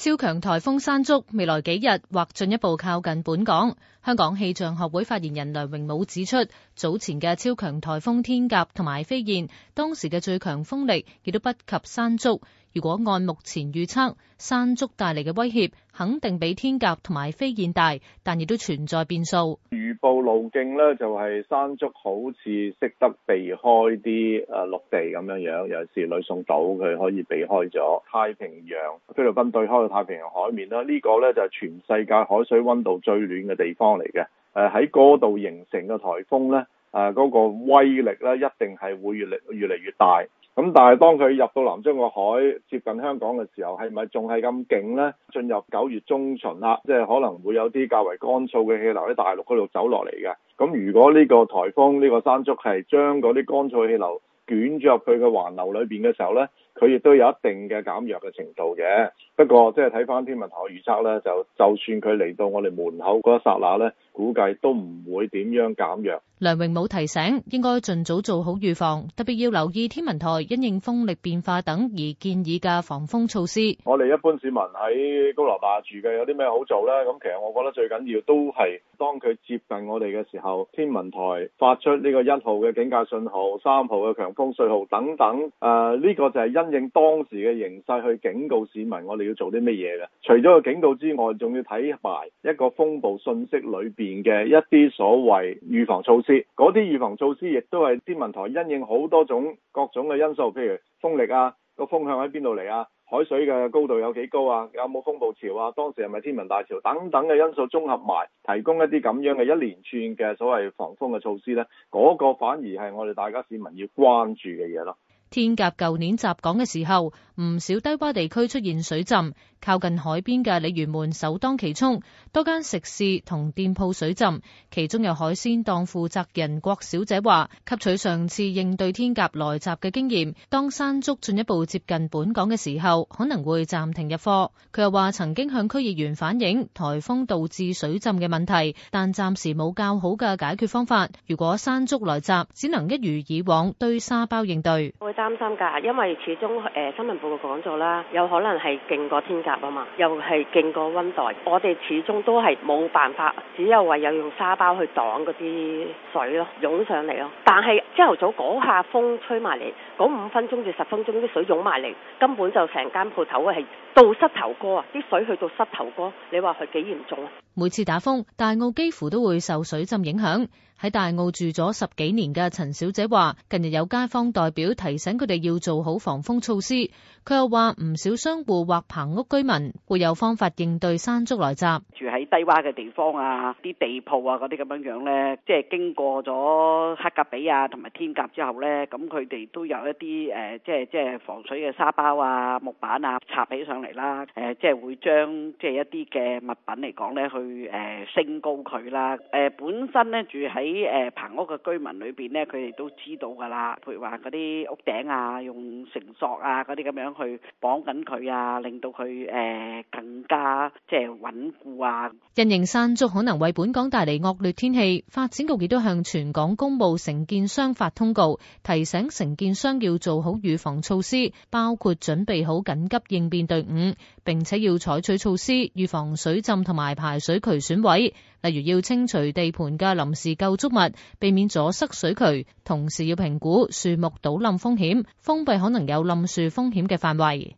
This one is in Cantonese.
超強颱風山竹未來幾日或進一步靠近本港，香港氣象學會發言人梁榮武指出，早前嘅超強颱風天鴿同埋飛燕，當時嘅最強風力亦都不及山竹。如果按目前預測，山竹帶嚟嘅威脅肯定比天鴿同埋飛燕大，但亦都存在變數。預報路徑咧就係山竹好似識得避開啲誒陸地咁樣樣，尤其係呂宋島佢可以避開咗。太平洋菲律賓對開嘅太平洋海面啦，呢、這個咧就係全世界海水溫度最暖嘅地方嚟嘅。誒喺嗰度形成嘅颱風咧，誒、那、嗰個威力咧一定係會越嚟越嚟越大。咁但係當佢入到南中國海，接近香港嘅時候，係咪仲係咁勁呢？進入九月中旬啦，即係可能會有啲較為乾燥嘅氣流喺大陸嗰度走落嚟嘅。咁如果呢個颱風呢、呢個山竹係將嗰啲乾燥氣流捲咗入佢嘅環流裏面嘅時候呢。佢亦都有一定嘅減弱嘅程度嘅，不過即係睇翻天文台預測咧，就就算佢嚟到我哋門口嗰一剎那咧，估計都唔會點樣減弱。梁榮武提醒，應該盡早做好預防，特別要留意天文台因應風力變化等而建議嘅防，防，防風措施。我哋一般市民喺高樓大住嘅，有啲咩好做咧？咁其實我覺得最緊要都係當佢接近我哋嘅時候，天文台發出呢個一號嘅警戒信號，三號嘅強風信號等等。誒、呃，呢、這個就係因應當時嘅形勢去警告市民，我哋要做啲乜嘢嘅？除咗個警告之外，仲要睇埋一個風暴信息裏邊嘅一啲所謂預防措施。嗰啲預防措施亦都係天文台因應好多種各種嘅因素，譬如風力啊、個風向喺邊度嚟啊、海水嘅高度有幾高啊、有冇風暴潮啊、當時係咪天文大潮等等嘅因素綜合埋，提供一啲咁樣嘅一連串嘅所謂防風嘅措施呢嗰、嗰個反而係我哋大家市民要關注嘅嘢咯。天鴿舊年襲港嘅時候，唔少低窪地區出現水浸，靠近海邊嘅鯉魚門首當其衝。多間食肆同店鋪水浸，其中有海鮮檔負責人郭小姐話：吸取上次應對天鴿來襲嘅經驗，當山竹進一步接近本港嘅時候，可能會暫停入貨。佢又話：曾經向區議員反映颱風導致水浸嘅問題，但暫時冇較好嘅解決方法。如果山竹來襲，只能一如以往堆沙包應對。擔心㗎，因為始終誒新聞報告講咗啦，有可能係勁過天鴿啊嘛，又係勁過溫黛。我哋始終都係冇辦法，只有話有用沙包去擋嗰啲水咯，湧上嚟咯。但係朝頭早嗰下風吹埋嚟，嗰五分鐘至十分鐘啲水湧埋嚟，根本就成間鋪頭啊係到膝頭哥啊！啲水去到膝頭哥，你話佢幾嚴重啊？每次打風，大澳幾乎都會受水浸影響。喺大澳住咗十幾年嘅陳小姐話，近日有街坊代表提醒佢哋要做好防風措施。佢又話唔少商戶或棚屋居民會有方法應對山竹來襲。住喺低窪嘅地方啊，啲地鋪啊嗰啲咁樣樣咧，即係經過咗黑格比啊同埋天鴿之後咧，咁佢哋都有一啲誒、呃，即係即係防水嘅沙包啊、木板啊插起上嚟啦。誒、呃，即係會將即係一啲嘅物品嚟講咧，去誒、呃、升高佢啦。誒、呃，本身咧住喺喺誒棚屋嘅居民裏邊咧，佢哋都知道㗎啦。譬如話嗰啲屋頂啊，用繩索啊嗰啲咁樣去綁緊佢啊，令到佢誒更加即係穩固啊。因應山竹可能為本港帶嚟惡劣天氣，發展局亦都向全港公務承建商發通告，提醒承建商要做好預防措施，包括準備好緊急應變隊伍，並且要採取措施預防水浸同埋排水渠損毀。例如要清除地盤嘅臨時構築物，避免阻塞水渠，同時要評估樹木倒冧風險，封閉可能有冧樹風險嘅範圍。